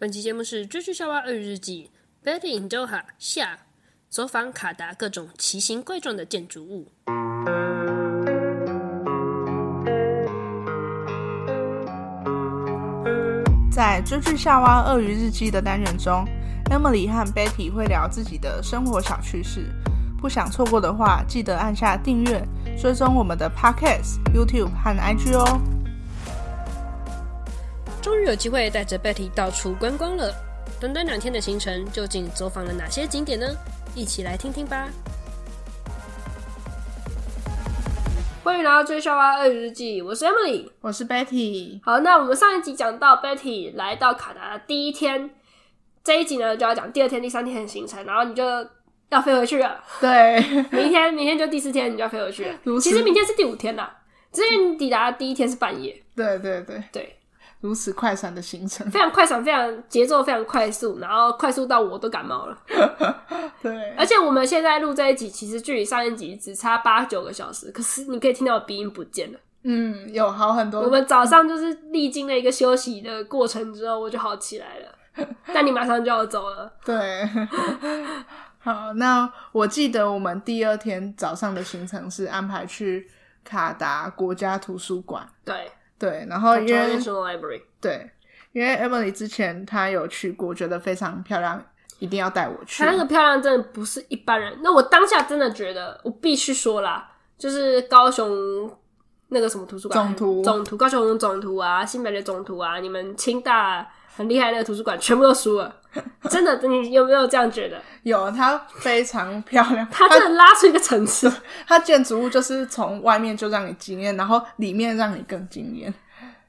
本期節目是《追劇夏娃鱷魚日記》Betty in Doha 下，走訪卡達各種奇形怪狀的建築物。在《追劇夏娃鱷魚日記》的單元中，Emily 和 Betty 會聊自己的生活小趣事。不想錯過的話，記得按下訂閱，追蹤我們的 Podcast、YouTube 和 IG 哦。終於有機會帶着 Betty 到處觀光了。短短兩天的行程，究竟走訪了哪些景點呢？一起來聽聽吧。歡迎來到《追劇夏娃鱷魚日記》，我是 Emily，我是 Betty。好，那我們上一集講到 Betty 來到卡達的第一天，這一集呢就要講第二天、第三天的行程，然後你就要飛回去了。對， 明天明天就第四天，你就要飛回去了。了。其實明天是第五天啦，之前抵達的第一天是半夜。對對對對。對如此快閃的行程，非常快閃，非常節奏非常快速，然後快速到我都感冒了。 對，而且我們現在錄這一集，其實距離上一集只差八九個小時，可是你可以聽到我鼻音不見了。嗯，有好很多。我們早上就是歷經了一個休息的過程之後，我就好起來了。 但你馬上就要走了。對。 好，那我記得我們第二天早上的行程是安排去卡達國家圖書館。對。對，然後因為對，因為 Emily 之前她有去過，覺得非常漂亮，一定要帶我去。她那個漂亮真的不是一般人。那我當下真的覺得，我必須說啦，就是高雄那個什麼圖書館，總圖，總圖，高雄總圖啊，新北的總圖啊，你們清大。很厲害，那個圖書館全部都輸了，真的，你有沒有這樣覺得？ 有，它非常漂亮， 它真的拉出一個層次。 它建築物就是從外面就讓你驚豔，然後裡面讓你更驚豔。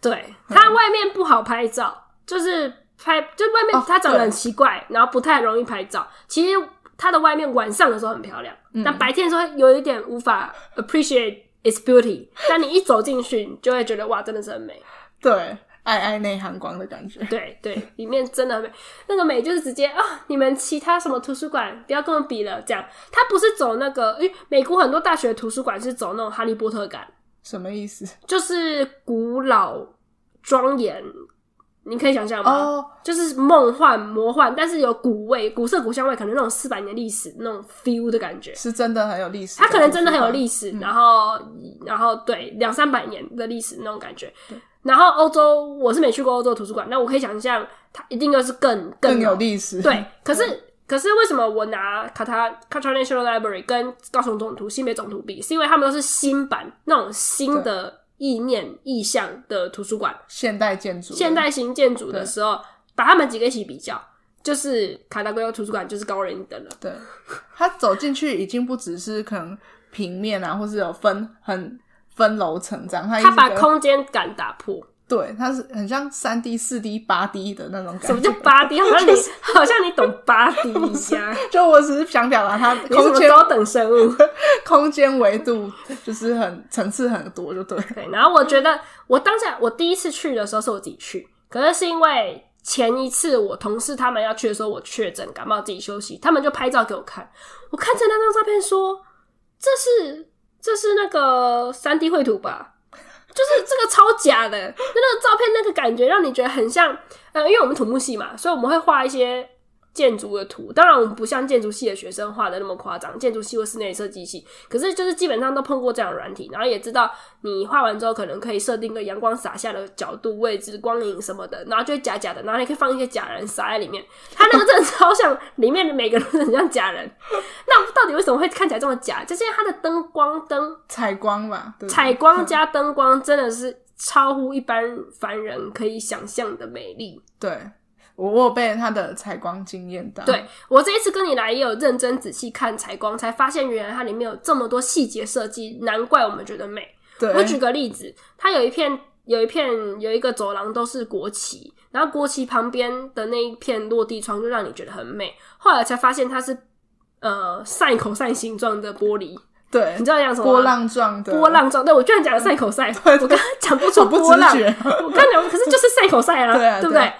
對，它外面不好拍照，嗯、就是拍就外面它長得很奇怪，oh, 然後不太容易拍照。其實它的外面晚上的時候很漂亮，嗯、但白天的時候有一點無法 appreciate its beauty。 但你一走進去，你就會覺得哇，真的是很美。對。曖曖內含光的感覺 對，對對，裡面真的很美，那個美，就是直接啊、哦！你們其他什麼圖書館不要跟我比了，這樣。它不是走那個，誒，美國很多大學的圖書館是走那種《哈利波特》感，什麼意思？就是古老莊嚴，你可以想象嗎？Oh, 就是夢幻魔幻，但是有古味、古色古香味，可能那種四百年歷史那種 feel 的感覺，是真的很有歷史。它可能真的很有歷史、嗯，然後然後對，兩三百年的歷史那種感覺。然後歐洲，我是沒去過歐洲的圖書館，那我可以想象它一定又是更更，更有歷史。對，可是、嗯、可是為什麼我拿卡塔卡塔國家圖書館跟高雄總圖、新北總圖比，是因為他們都是新版那種新的意念、意象的圖書館，現代建築、現代型建築的時候，把他們幾個一起比較，就是卡塔圭歐圖書館就是高人一等了。對，他走進去已經不只是可能平面啊， 或是有分很。分樓層，這樣他一直他把空間感打破，對，他是很像三 D、四 D、八 D 的那種感覺。怎麼叫八 D？好像你 好像你懂八 D 一下 就我只是想表達它空間高等生物，空間維度就是很層次很多，就對。對，然後我覺得，我當下我第一次去的時候是我自己去，可能是，是因為前一次我同事他們要去的時候我確診，我確診感冒自己休息，他們就拍照給我看。我看着那張照片說：“這是。”這是那個 3D 繪圖吧？就是這個超假的，那個照片那個感覺讓你覺得很像，呃，因為我們土木系嘛，所以我們會畫一些，建築的圖，當然我們不像建築系的學生畫的那麼誇張，建築系或室內設計系，可是就是基本上都碰過這樣的軟體，然後也知道你畫完之後可能可以設定個陽光灑下的角度位置、光影什麼的，然後就會假假的，然後你可以放一些假人灑在裡面。它那個真的超像，呵呵裡面每個人很像假人。呵呵那到底為什麼會看起來這麼假？就是因為它的燈光燈、燈採光吧，對，採光加燈光真的是超乎一般凡人可以想象的美麗。對。我，我有被它的採光驚艷到。對，我這一次跟你來也有認真仔細看採光，才發現原來它裡面有這麼多細節設計，難怪我們覺得美。對。我舉個例子，它有一片、有一片、有一個走廊都是國旗，然後國旗旁邊的那一片落地窗就讓你覺得很美。後來才發現它是呃賽口賽形狀的玻璃，對，你知道那樣子嗎？波浪狀的，波浪狀。對，我居然講了賽口賽、嗯、我剛剛講不出波浪，我剛講，可是就是賽口賽啊， 啊，對不對？對啊對啊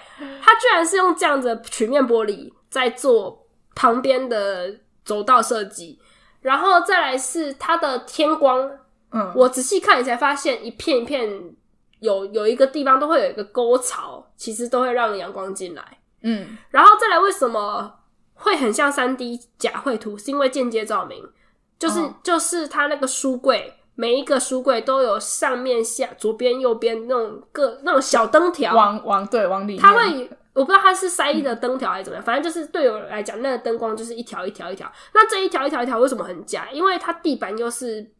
居然是用這樣的曲面玻璃在做旁邊的走道設計，然後再來是它的天光，嗯，我仔細看你才發現一片一片有有一個地方都會有一個溝槽，其實都會讓陽光進來，嗯，然後再來為什麼會很像三 D 假繪圖？是因為間接照明，就是、嗯、就是它那個書櫃。每一個書櫃都有上面、下、左邊、右邊那種各那種小燈條，往往對往裡，它會我不知道它是塞的燈條還是怎麼樣、嗯，反正就是對我來講，那個燈光就是一條一條一條。那這一條一條一條為什麼很假？因為它地板又是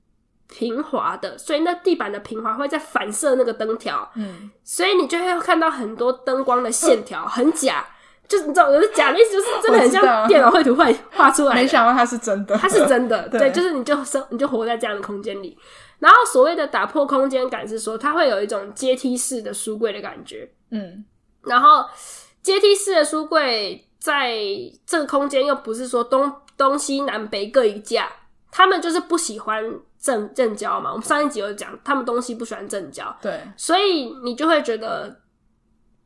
平滑的，所以那地板的平滑會在反射那個燈條，嗯，所以你就會看到很多燈光的線條、嗯、很假。就是、你知道，我的假的意思就是真的很像電腦繪圖會畫出來，沒想到它是，是真的。它是真的，對，就是你就生你就活在這樣的空間裡。然後所謂的打破空間感，是說它會有一種階梯式的書櫃的感覺。嗯，然後階梯式的書櫃在這個空間又不是說東東西南北各一架，他們就是不喜歡正正交嘛。我們上一集有講，他們東西不喜歡正交，對，所以你就會覺得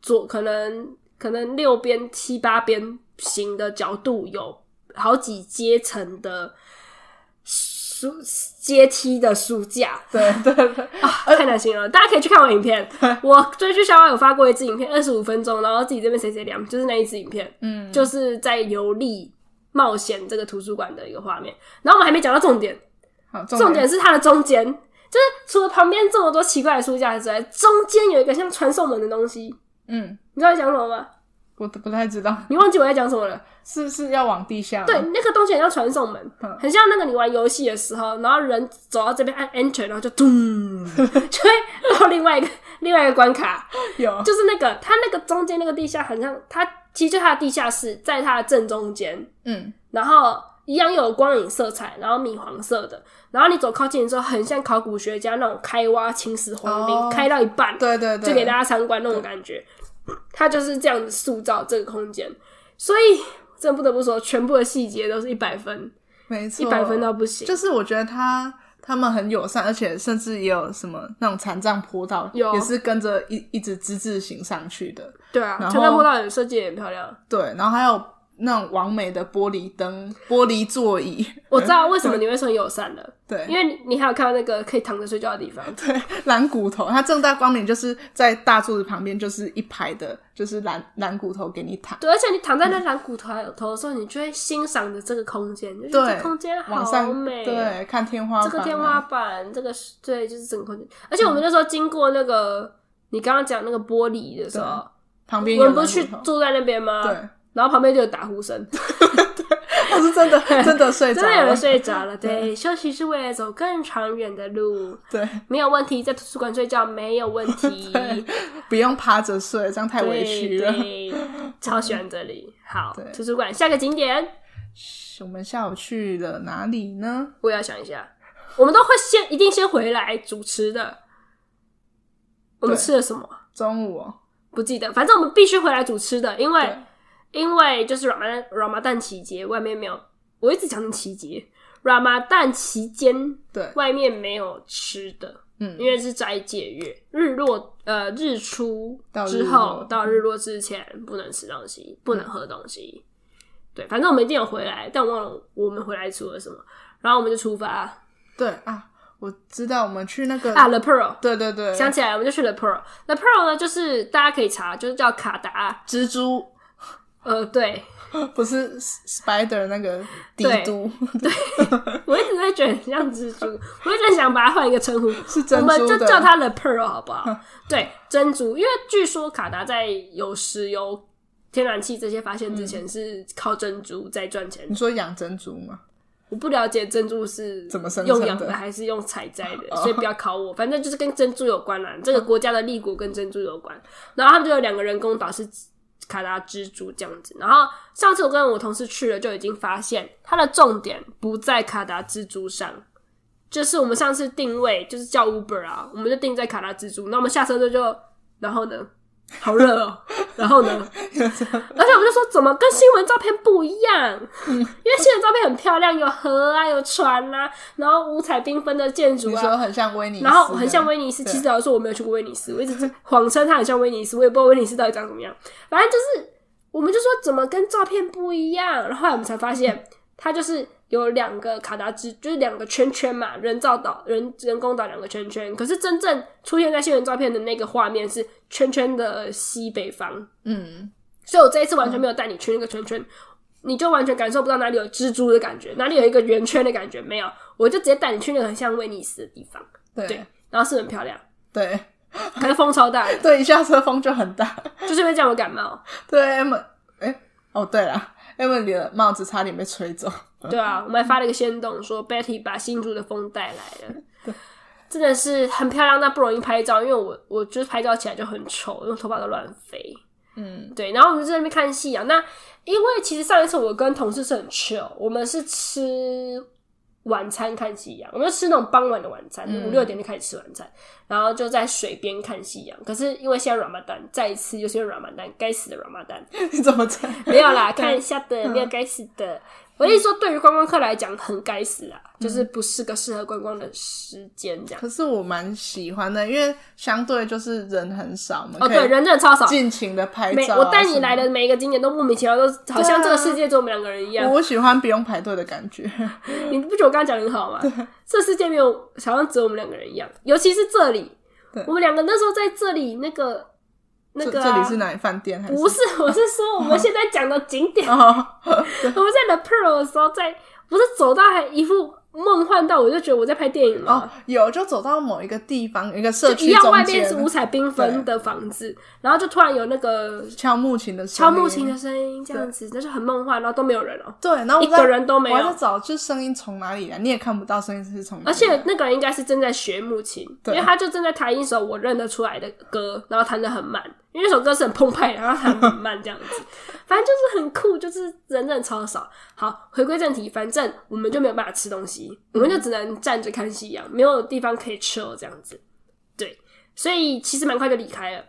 左可能。可能六邊、七八邊形的角度有好幾階層的書階梯的書架，對對對啊、嗯，太難聽了！大家可以去看我影片，嗯、我追劇小號有發過一支影片，二十五分鐘，然後自己這邊碎碎念就是那一支影片，嗯，就是在遊歷冒險這個圖書館的一個畫面。然後我們還沒講到重點，好，重點，重點是它的中間，就是除了旁邊這麼多奇怪的書架之外，中間有一個像傳送門的東西。嗯，你知道在講什麼嗎？我都不太知道， 你忘記我在講什麼了？是是要往地下？對，那個東西很像傳送門，很像那個你玩遊戲的時候，然後人走到這邊按 Enter，然後就咚，就會到另外一個另外一個關卡。有，就是那個它那個中間那個地下，很像它其實就它的地下室，在它的正中間。嗯，然後一樣又有光影色彩，然後米黃色的，然後你走靠近的時候，很像考古學家那種開挖秦始皇陵，哦，開到一半，對對對，就給大家參觀那種感覺。他就是這樣子塑造這個空間，所以真不得不說，全部的細節都是一百分，沒錯，一百分到不行。就是我覺得他他們很友善，而且甚至也有什麼那種殘障坡道，也是跟着一一直之字形上去的。對啊，殘障坡道也設計也很漂亮。對，然後還有。那種完美的玻璃燈、玻璃座椅， 我知道為什麼你會說你友善了。對，因為你還有看到那個可以躺着睡覺的地方對，對，懶骨頭，它正大光明就是在大柱子旁邊，就是一排的，就是懶懶骨頭給你躺。對，而且你躺在那懶骨頭還有頭的時候，嗯、你就會欣賞着這個空間，對，就是、這空間好美。對，看天花板啊。這個天花板，這個對，就是整個空間。而且我們那時候經過那個、嗯、你剛剛講那個玻璃的時候，旁邊我們不是去坐在那邊嗎？對。然後旁邊就有打呼聲 ，他是真的 真的睡著了，真的有人睡着了對。對，休息是為了走更長遠的路。對，沒有問題，在圖書館睡覺沒有問題，不用趴着睡，這樣太委屈了。對對，超喜歡這裡，好，對，圖書館下個景點，我們下午去了哪裡呢？我要想一下，我們都會先一定先回來主持的。我們吃了什麼？中午哦，不記得，反正我們必須回來主持的，因為。因為就是 Ram Ramadhan 期間，外面沒有，我一直講的期間 Ramadhan 期間，對，外面沒有吃的，嗯，因為是齋戒月，日落呃日出之後，到日落之後到日落之前，嗯，不能吃東西，不能喝東西，嗯、對，反正我們一定要回來，啊，但我忘了我們回來做了什麼，然後我們就出發，對啊，我知道我們去那個啊 The Pearl，對對對，想起來我們就去 The Pearl，The Pearl 呢就是大家可以查，就是叫卡達蜘蛛。呃，對，不是 Spider 那個帝都，對,對 我一直在覺得像蜘蛛，我一直在想把它換一個稱呼是珍珠，我們就叫它 The Pearl 好不好、嗯？對，珍珠，因為據說卡達在有石油、天然氣這些發現之前，是靠珍珠在賺錢的、嗯。你說養珍珠嗎？我不了解珍珠是怎麼生用養的還是用採摘的,的，所以不要考我。反正就是跟珍珠有關啦、啊，這個國家的立國跟珍珠有關，然後他們就有兩個人工島是。卡達蜘蛛這樣子，然後上次我跟我同事去了，就已經發現它的重點不在卡達蜘蛛上，就是我們上次定位就是叫 Uber 啊，我們就定在卡達蜘蛛，那我們下車就就，然後呢？好熱哦！然後呢？ 而且我們就說怎麼跟新聞照片不一樣？ 因為新聞照片很漂亮，有河啊，有船啊，然後五彩繽紛的建築啊，你說很像威尼斯，然後很像威尼斯。其實老實說我沒有去過威尼斯，我一直謊稱它很像威尼斯，我也不知道威尼斯到底長什麼樣。反正就是，我們就說怎麼跟照片不一樣。然後後來我們才發現，它就是。有兩個卡達茲，就是兩個圈圈嘛，人造島、人人工島兩個圈圈。可是真正出現在新聞照片的那個畫面是圈圈的西北方，嗯。所以我這一次完全沒有帶你去那個圈圈、嗯，你就完全感受不到哪裡有蜘蛛的感覺，哪裡有一個圓圈的感覺沒有。我就直接帶你去那個很像威尼斯的地方對，對，然後是很漂亮，對。可是風超大， 對，一下車風就很大，就是，是這樣叫我感冒。對，M，哎、欸，哦，對了。因為你的帽子差點被吹走。對啊，我們還發了一個限動，說 Betty 把新竹的風帶來了。對，真的是很漂亮，但不容易拍照，因為我我就是拍照起來就很醜，因為頭髮都亂飛。嗯，對。然後我們就在那邊看戲啊。那因為其實上一次我跟同事是很 chill，我們是吃。晚餐看夕陽，我們就吃那種傍晚的晚餐，五六點就開始吃晚餐，嗯、然後就在水邊看夕陽。可是因為現在 Ramadan，再一次又是 Ramadan，該死的 Ramadan！ 你怎麼猜？ 沒有啦，看一下的，沒有，該死的。嗯我意思說，對於觀光客來講很該死啊、嗯，就是不是個適合觀光的時間這樣。可是我蠻喜歡的，因為相對就是人很少嘛、啊。哦，對，人真的超少，盡情的拍照。我帶你來的每一個景點都莫名其妙，嗯、都好像這個世界只有我們兩個人一樣。 我喜歡不用排隊的感覺。你不覺得我剛剛講的很好嗎？這世界沒有，好像只有我們兩個人一樣。尤其是這裡，我們兩個那時候在這裡那個。那個啊、這裡是哪裡飯店還是？不是，我是說我們現在講的景點。哦、 我們在 The Pearl 的時候在，在不是走到一副夢幻到，我就覺得我在拍電影了。哦，有就走到某一個地方，一個社區，一樣，外面是五彩繽紛的房子，然後就突然有那個敲木琴的聲音，敲木琴的聲音，這樣子，但是很夢幻，然後都沒有人哦。對，然後一個人都沒有。我在找，就聲音從哪裡來？你也看不到聲音是從，哪裡。而且那個人應該是正在學木琴，對，因為他就正在彈一首我認得出來的歌，然後彈得很慢。因為首歌是很澎湃，然後很慢這樣子，反正就是很酷，就是人真的超少。好，回歸正題，反正我們就沒有辦法吃東西，我們就只能站着看夕陽，沒有地方可以吃哦這樣子。對，所以其實蠻快就離開了。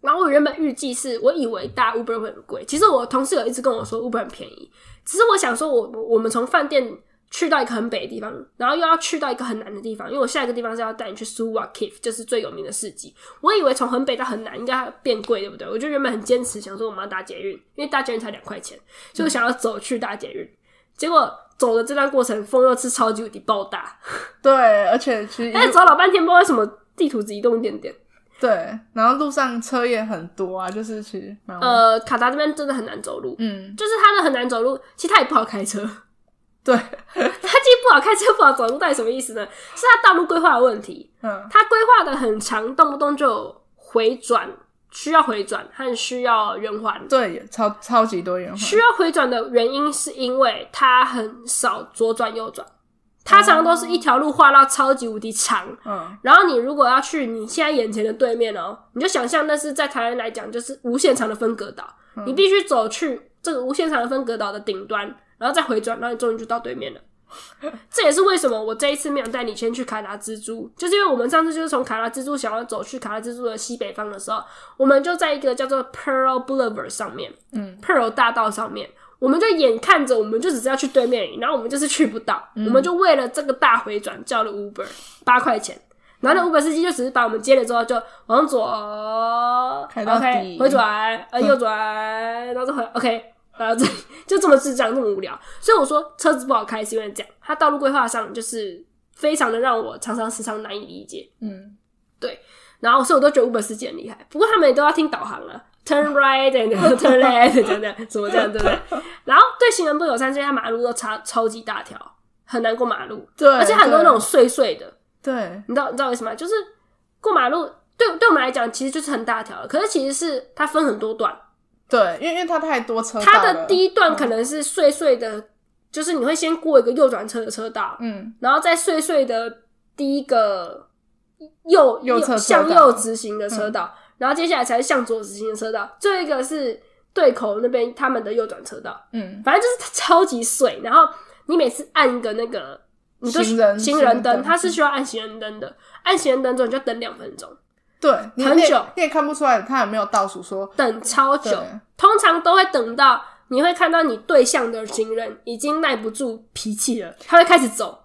然後我原本預計是，我以為搭 Uber 會很貴，其實我同事有一直跟我說 Uber 很便宜。只是我想說我，我我們從飯店。去到一個很北的地方，然後又要去到一個很南的地方，因為我下一個地方是要帶你去 Souq Waqif，就是最有名的市集。我以為從很北到很南應該還變貴，對不對？我就原本很堅持，想說我們要搭捷運，因為搭捷運才兩塊錢，就想要走去搭捷運。嗯、結果走的這段過程，風又是超級無敵爆大。對，而且去，哎，走老半天，不知道為什麼地圖只移動一點點。對，然後路上車也很多啊，就是去。呃，卡達這邊真的很難走路，嗯，就是它的很難走路，其實它也不好開車。對， 他既不好開車，不好走路，到底什麼意思呢？是他道路規劃的問題。嗯，它規劃的很長，動不動就有回轉，需要回轉和需要圓環。對，超超級多圓環。需要回轉的原因是因為他很少左轉右轉，他常常都是一條路畫到超級無敵長。嗯，然後你如果要去你現在眼前的對面哦、喔，你就想象那是在台灣來講就是無限長的分隔島，嗯、你必須走去這個無限長的分隔島的頂端。然後再回轉，然後你終於就到對面了。這也是為什麼我這一次沒有帶你先去卡拉蜘蛛，就是因為我們上次就是從卡拉蜘蛛想要走去卡拉蜘蛛的西北方的時候，我們就在一個叫做 Pearl Boulevard 上面，嗯，Pearl 大道上面，我們就眼看着我們就只是要去對面，嗯、然後我們就是去不到、嗯，我們就為了這個大回轉叫了 Uber 八塊錢，然後那 Uber 司機就只是把我們接了之後就往左開到底 okay, 回轉，呃，右轉，然後就回，OK。到這裡就這麼智障，那麼無聊。所以我說車子不好開是因為這樣。它道路規劃上就是非常的讓我常常時常難以理解。嗯，對。然後所以我都覺得五本 e r 司機很厲害。不過他們也都要聽導航了，Turn right，and Turn left，這樣這樣，怎麼這樣，對不對？ 然後對行人不友善，這些馬路都差超、超級大條，很難過馬路。對，而且很多那種碎碎的。對，你知道你知道為什麼？就是過馬路對對我們來講其實就是很大條，可是其實是它分很多段。對，因為因為它太多車道了，它的第一段可能是碎碎的、嗯，就是你會先過一個右轉車的車道，嗯，然後再碎碎的第一個右右，車車道右向右直行的車道、嗯，然後接下來才是向左直行的車道，這一個是對口那邊他們的右轉車道，嗯，反正就是超級碎，然後你每次按一個那個你就行，行，人行人燈，它、嗯、是需要按行人燈的，按行人燈之後你就等兩分鐘。對你，很久你也看不出來他有沒有倒數，說等超久，通常都會等到你會看到你對象的行人已經耐不住脾氣了，他會開始走，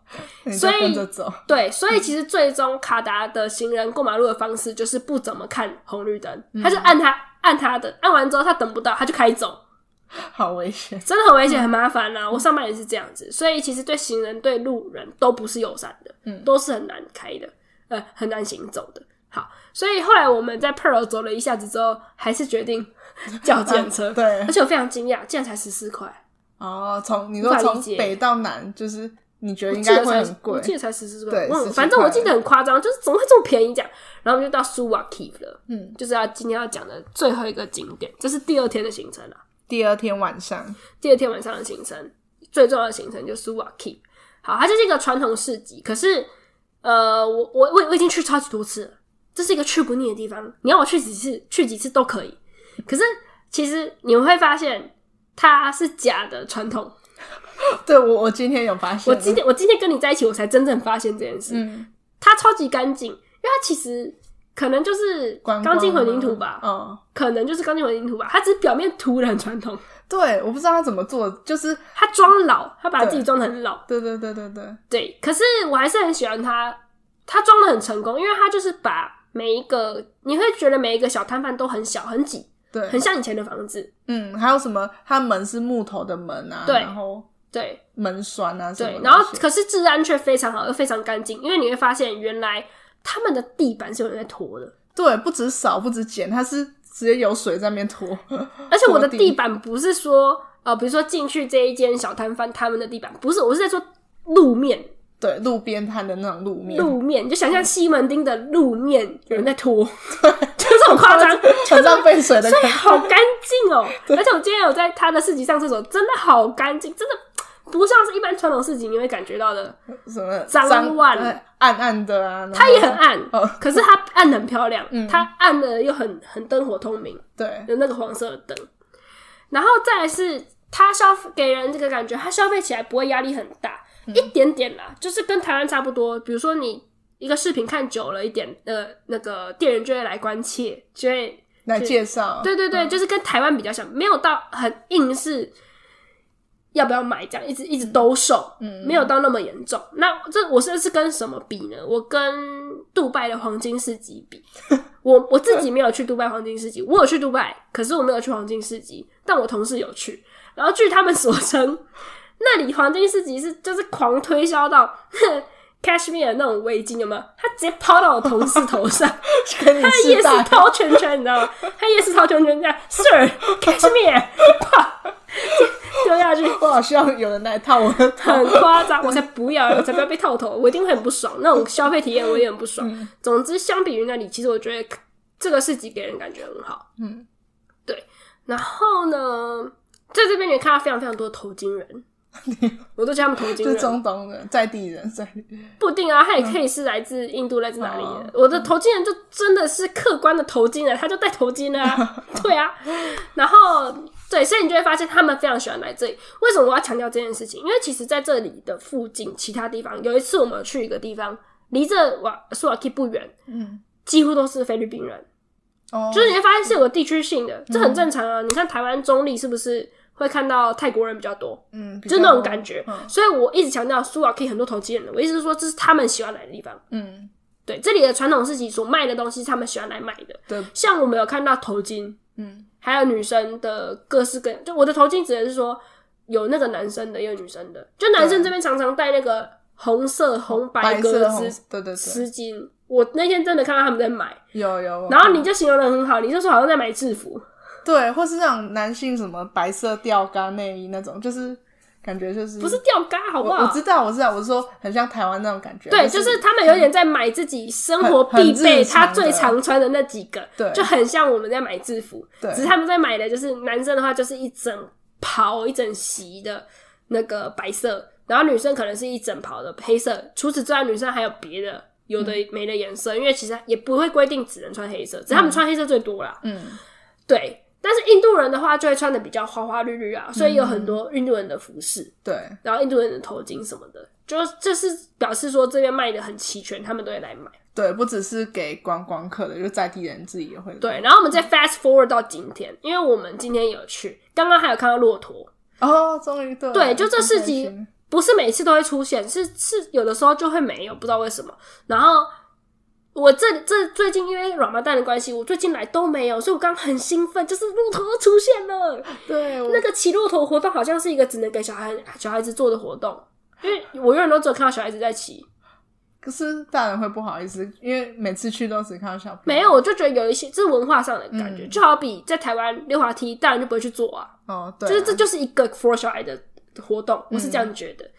跟着走，所以、嗯、對，所以其實最終卡達的行人過馬路的方式就是不怎麼看紅綠燈、嗯，他就按他按他的，按完之後他等不到他就開始走，好危險，真的很危險，很麻煩啦、啊嗯。我上班也是這樣子，所以其實對行人對路人都不是友善的，嗯，都是很難開的，呃，很難行走的，好。所以後來我們在 Pearl 走了一下子之後，還是決定叫專車。 對，而且我非常驚訝，竟然才十四塊哦！從你說從北到南，就是你覺得應該會很貴，我記得才十四塊，對。反正我記得很誇張，就是怎麼會這麼便宜價？然後我們就到 Souq Waqif 了，嗯，就是要、啊、今天要講的最後一個景點，這、就是第二天的行程了、啊。第二天晚上，第二天晚上的行程最重要的行程就 Souq Waqif。好，它就是一個傳統市集，可是呃，我我我我已經去超級多次了。這是一個去不膩的地方，你要我去幾次，去幾次都可以。可是其實你們會發現它是假的傳統。 對，我，我今天有發現。我今天，我今天跟你在一起，我才真正發現這件事。嗯，它超級乾淨，因為它其實可能就是鋼筋混凝土吧。嗯、哦，可能就是鋼筋混凝土吧。它只是表面塗得很傳統。對，我不知道他怎麼做，就是他裝老，他把它自己裝的很老。對,對對對對對。對，可是我還是很喜歡他，他裝的很成功，因為他就是把。每一個你會覺得每一個小攤販都很小很擠，對，很像以前的房子。嗯，還有什麼？它門是木頭的門啊，對，然後對門栓啊什麼，對，然後可是治安卻非常好，又非常乾淨，因為你會發現原來他們的地板是有人在拖的，對，不止掃，不止撿，它是直接有水在那邊拖，而且我的地板不是說呃，比如說進去這一間小攤販，他們的地板不是，我是在說路面。對路邊攤的那種路面，路面你就想象西門町的路面，有人在拖，嗯、就這種誇張，這張，被水的、就是，所以好乾淨哦。而且我今天有在他的市集上廁所，真的好乾淨，真的不像是一般傳統市集你會感覺到的什麼髒亂暗暗的啊，它也很暗，哦、可是它暗很漂亮，嗯、它暗的又很很燈火通明，對，有那個黃色的燈。然後再來是它消給人這個感覺，它消費起來不會壓力很大。 一點點啦，就是跟台灣差不多。比如說，你一個視頻看久了一點，呃，那個店員就會來關切，就會來介紹。對對對， 就是跟台灣比較像，沒有到很硬是要不要買這樣，一直一直兜售，嗯，沒有到那麼嚴重。嗯、那這我現在是跟什麼比呢？我跟杜拜的黃金世紀比。 我我自己沒有去杜拜黃金世紀，我有去杜拜，可是我沒有去黃金世紀。但我同事有去，然後據他們所稱。那裡黃金市集是就是狂推銷到 cashmere 那種圍巾，有沒有？他直接拋到我同事頭上，他也是套圈圈，你知道嗎？他也是套圈圈，這樣 ，sir，cashmere，啪，丟下去。我好需要有人來套我，很誇張，我才不要，我才不要被套頭，我一定會很不爽。那種消費體驗我也很不爽。嗯、總之，相比於那裡，其實我覺得這個市集給人感覺很好。嗯，對。然後呢，在這邊你看到非常非常多的頭巾人。 我都叫他們頭巾人，就是中東的在地人，在地人。不一定啊，他也可以是來自印度，嗯，來自哪裡的？我的頭巾人就真的是客觀的頭巾人，他就戴頭巾了，啊。 對啊，然後對，所以你就會發現他們非常喜歡來這裡。為什麼我要強調這件事情？因為其實在這裡的附近，其他地方，有一次我們去一個地方，離這 Souq Waqif 不遠，嗯，幾乎都是菲律賓人。哦，就是你會發現是有個地區性的，這很正常啊。嗯、你像台灣中壢是不是？會看到泰國人比較多，嗯，就那種感覺、嗯，所以我一直強調蘇瓦、嗯、可以很多投資人的。我意思是說，這是他們喜歡來的地方，嗯，對，這裡的傳統市集所賣的東西，他們喜歡來買的。對、嗯，像我們有看到頭巾，嗯，還有女生的各式各，就我的頭巾指的是說有那個男生的，也有女生的，就男生這邊常常戴那個紅色紅白格子，對對絲巾。我那天真的看到他們在買，有有，然後你就形容得很好，嗯、你就說好像在買制服。對，或是那種男性什麼白色吊嘎內衣那種，就是感覺就是不是吊嘎，好不好？我，我知道，我知道，我是說很像台灣那種感覺。對，就是他們有點在買自己生活必備、嗯，他最常穿的那幾個，對，就很像我們在買制服，對只是他們在買的就是男生的話就是一整袍一整席的那個白色，然後女生可能是一整袍的黑色。除此之外，女生還有別的有的沒的顏色、嗯，因為其實也不會規定只能穿黑色，只是他們穿黑色最多了。嗯，對。但是印度人的話就會穿得比較花花綠綠啊、嗯，所以有很多印度人的服飾，對，然後印度人的頭巾什麼的，就這是表示說這邊賣得很齊全，他們都會來買。對，不只是給觀光客的，就在地人自己也會買。對，然後我們再 fast forward 到今天，嗯、因為我們今天有去，剛剛還有看到駱駝。哦，終於，對，對，就這四集不是每次都會出現，是是有的時候就會沒有，不知道為什麼，然後。我這這最近因為軟毛蛋的關係，我最近來都沒有，所以我剛剛很興奮，就是駱駝出現了。對，那個騎駱駝活動好像是一個只能給小孩小孩子做的活動，因為我永遠都只有看到小孩子在騎。可是大人會不好意思，因為每次去都只看到小朋友。沒有，我就覺得有一些這是文化上的感覺，嗯、就好比在台灣溜滑梯，大人就不會去做啊。哦，對，就是這就是一個 for 小孩的活動，我是這樣覺得。嗯、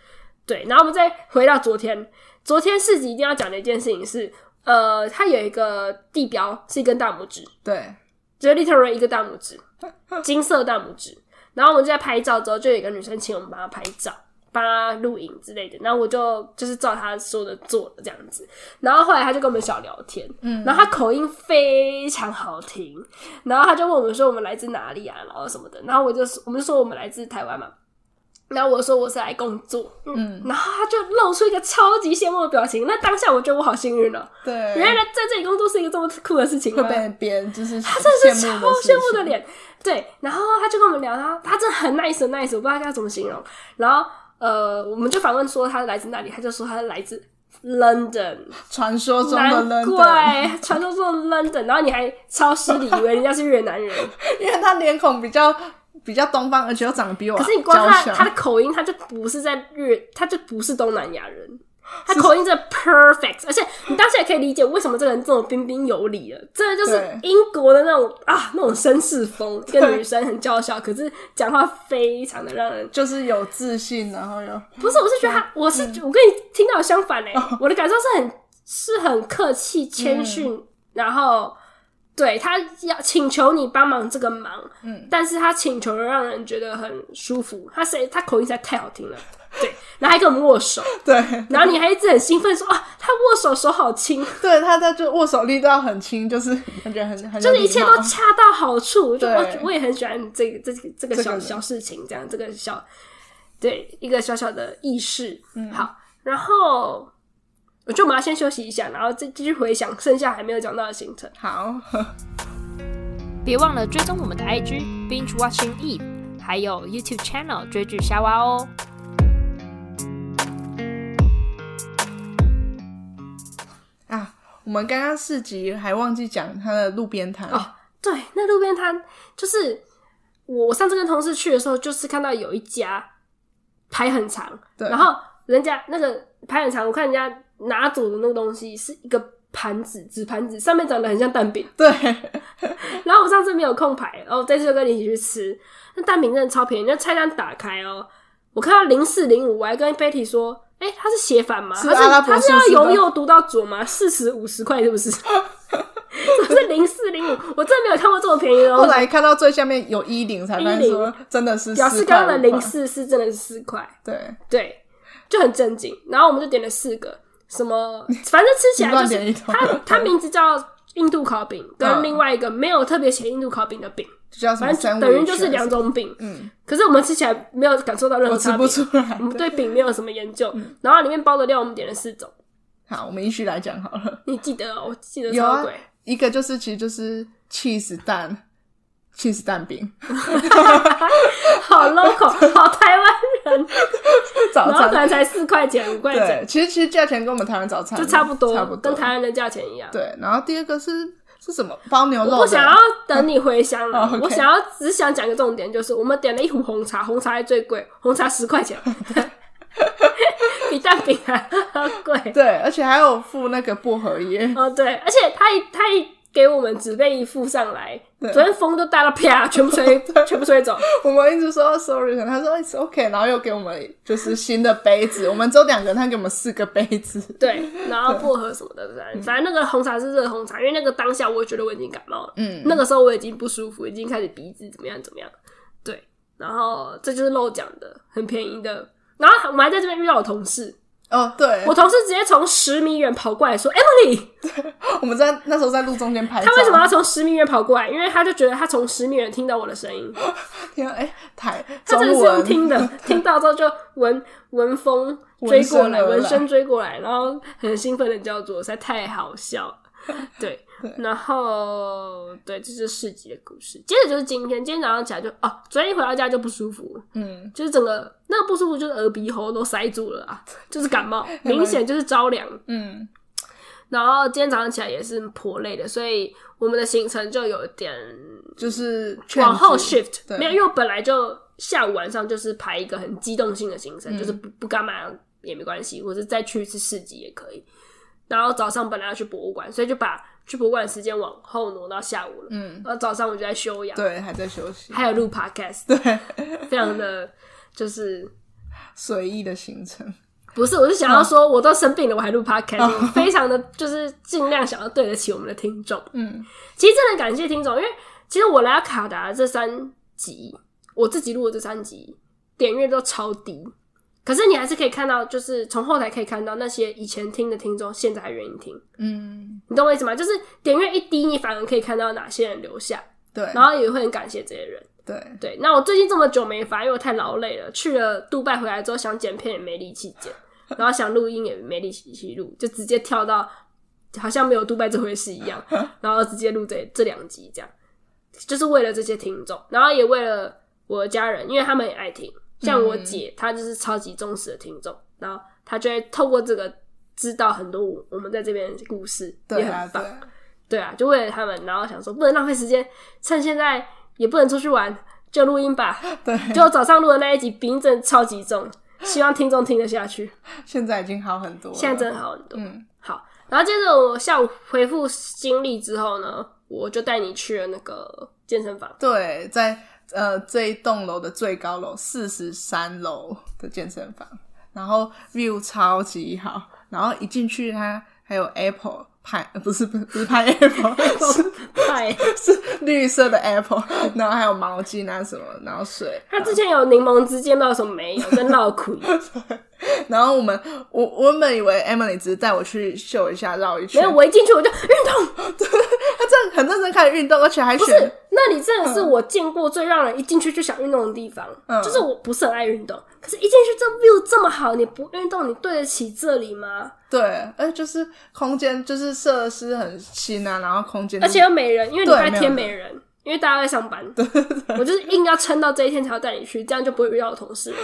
對，然後我們再回到昨天，昨天市集一定要講的一件事情是。呃，它有一個地標，是一根大拇指，對，就是 literally 一個大拇指， 金色大拇指。然後我們就在拍照之後，就有一個女生請我們幫她拍照，幫她錄影之類的。然後我就就是照她說的做了這樣子。然後後來他就跟我們小聊天，嗯，然後他口音非常好聽，然後他就問我們說我們來自哪裡啊，然後什麼的。然後我就我們就說我們來自台灣嘛。然後我說我是來工作，嗯，嗯，然後他就露出一個超級羨慕的表情。嗯，那當下我覺得我好幸運哦，對，原來在這裡工作是一個這麼酷的事情。會被別人就是的他真的是超羨慕的臉，對。然後他就跟我們聊，他他真的很 nice nice，我不知道該怎麼形容。然後呃，我們就反問說他來自哪裡，他就說他來自 London，傳說中的 London，傳說中的 London。 然後你還超犀利，以為人家是越南人， 因為他臉孔比較。比較東方，而且又長得比我、啊、嬌小，可是你觀察他，他的口音，他就不是在粵，他就不是東南亞人。他口音真的 perfect，而且你當時也可以理解為什麼這個人這麼彬彬有禮了。這就是英國的那種啊，那種紳士風。跟女生很嬌小，可是講話非常的讓人就是有自信，然後又不是，我是覺得他，我是我跟你聽到的相反嘞、欸。我的感受是很是很客氣、謙遜，然後。對，他要請求你幫忙這個忙，嗯，但是他請求的讓人覺得很舒服。他誰他口音實在太好聽了，對，然後還跟我們握手，對，然後你還一直很興奮說啊，他握手手好輕，對，他的就握手力道很輕，就是感覺很很，就是一切都恰到好處。就我我也很喜歡這個這個、這個小這小事情，這樣這個小對一個小小的儀式，嗯，好，嗯，然後。就我就馬上先休息一下，然後再繼續回想剩下還沒有講到的行程。好，別 忘了追蹤我們的 IG Binge Watching Eve 還有 YouTube channel 追劇夏娃哦。啊，我們剛剛四集還忘記講他的路邊攤哦。對，那路邊攤就是我上次跟同事去的時候，就是看到有一家排很長，對，然後人家那個排很長，我看人家。拿走的那個東西是一個盤子，紙盤子上面長得很像蛋餅。對， 然後我上次沒有空牌，然、哦、後這次就跟你一起去吃。那蛋餅真的超便宜，那菜單打開哦，我看到零四零五，我還跟 Betty 說，哎、欸，它是寫反嗎？它是，是阿拉伯數字嗎？它是要由右讀到左嗎？四十五十塊是不是？ 是零四零五，我真的沒有看過這麼便宜哦。後來看到最下面有一零才，一說，真的是表示剛剛的零四是真的是四塊，對對，就很正經。然後我們就點了四個。什麼？反正吃起來就是 它、它名字叫印度烤餅，跟另外一個沒有特別寫印度烤餅的餅、嗯，就叫反正等於就是兩種餅。嗯，可是我們吃起來沒有感受到任何差別。我們對餅沒有什麼研究，然後裡面包的料我們點了四種。嗯、好，我們一起來講好了。你記得，我記得鬼有啊，一個就是其實就是 cheese 蛋。起司蛋餅哈哈哈哈好 local，好台灣人早餐才四塊錢五塊錢，其實其實價錢跟我們台灣早餐就差不，差不多，跟台灣的價錢一樣。對，然後第二個是是什麼包牛肉？我想要等你回鄉了、嗯，我想要只想講一個重點，就是我們點了一壺紅茶，紅茶還最貴，紅茶十塊錢， 比蛋餅還貴。對，而且還有付那個薄荷葉。哦，對，而且他一他一。給我們紙杯一附上來，昨天風都大到啪，全部吹 全部吹走。我們一直說 sorry，他說 it's OK，然後又給我們就是新的杯子。 我們只有兩個，他給我們四個杯子。對，然後薄荷什麼的，反正反正那個紅茶是熱紅茶，因為那個當下我也覺得我已經感冒了，嗯，那個時候我已經不舒服，已經開始鼻子怎麼樣怎麼樣。對，然後這就是漏講的，很便宜的。然後我們還在這邊遇到我同事。哦、oh，對，我同事直接從十米遠跑過來說：“Emily，對我們在那時候在路中間拍。”他為什麼要從十米遠跑過來？因為他就覺得他從十米遠聽到我的聲音。 天哎、啊，太他真的聽的聽到之後就聞聞風追過來，來，聞聲追過來，然後很興奮的叫做，實在太好笑，對。然後對，這是市集的故事。接着就是今天，今天早上起來就哦、啊，昨天一回到家就不舒服，嗯，就是整個那個不舒服就是耳鼻喉都塞住了啊，就是感冒，明顯就是着涼，嗯。然後今天早上起來也是頗累的，所以我們的行程就有點就是往後 shift，對沒有，因為我本來就下午晚上就是排一個很機動性的行程，嗯、就是不不幹嘛也沒關係，或是再去一次市集也可以。然後早上本來要去博物館，所以就把。去博物館時間往後挪到下午了，嗯，然後早上我就在休養，對，還在休息，還有錄 podcast，對， 非常的就是隨意的行程。不是，我是想要說，我都生病了，嗯、我還錄 podcast，嗯、非常的就是盡量想要對得起我們的聽眾，嗯，其實真的感謝聽眾，因為其實我來到卡達這三集，我自己錄的這三集點閱都超低。可是你還是可以看到，就是從後台可以看到那些以前聽的聽眾，現在還願意聽。嗯，你懂我意思嗎？就是點閱一低，你反而可以看到哪些人留下。對，然後也會很感謝這些人。對對，那我最近這麼久沒發，因為我太勞累了。去了杜拜回來之後，想剪片也沒力氣剪，然後想錄音也沒力氣去錄，就直接跳到好像沒有杜拜這回事一樣，然後直接錄這這兩集，這樣，就是為了這些聽眾，然後也為了我的家人，因為他們也愛聽。像我姐、嗯，她就是超級忠實的聽眾，然後她就會透過這個知道很多我們在這邊的故事，也很棒，對啊，對啊，對啊，就為了他們，然後想說不能浪費時間，趁現在也不能出去玩，就錄音吧。對，就早上錄的那一集，冰鎮超級重，希望聽眾聽得下去。現在已經好很多，現在真的好很多，嗯，好。然後接着我下午恢復精力之後呢，我就帶你去了那個健身房。對，在。呃，這一棟樓的最高樓四十三樓的健身房，然後 view 超級好，然後一進去它還有 apple 派，不是不是不是派 apple， 是派是綠色的 apple，然後還有毛巾啊什麼，然後水。它之前有檸檬汁，見到什麼沒有？跟繞一，然後我們我我本以為 Emily 只是帶我去秀一下繞一圈，沒有，我一進去我就運動。 他、啊、真的很認真開始運動，而且還不是那裡真的是我見過最讓人一進去就想運動的地方。嗯，就是我不是很愛運動，可是一進去這 view 這麼好，你不運動你對得起這裡嗎？對，哎、欸，就是空間，就是設施很新啊，然後空間而且又沒人，因為白天沒人，因為大家在上班。對，對，對我就是硬要撐到這一天才要帶你去，這樣就不會遇到同事。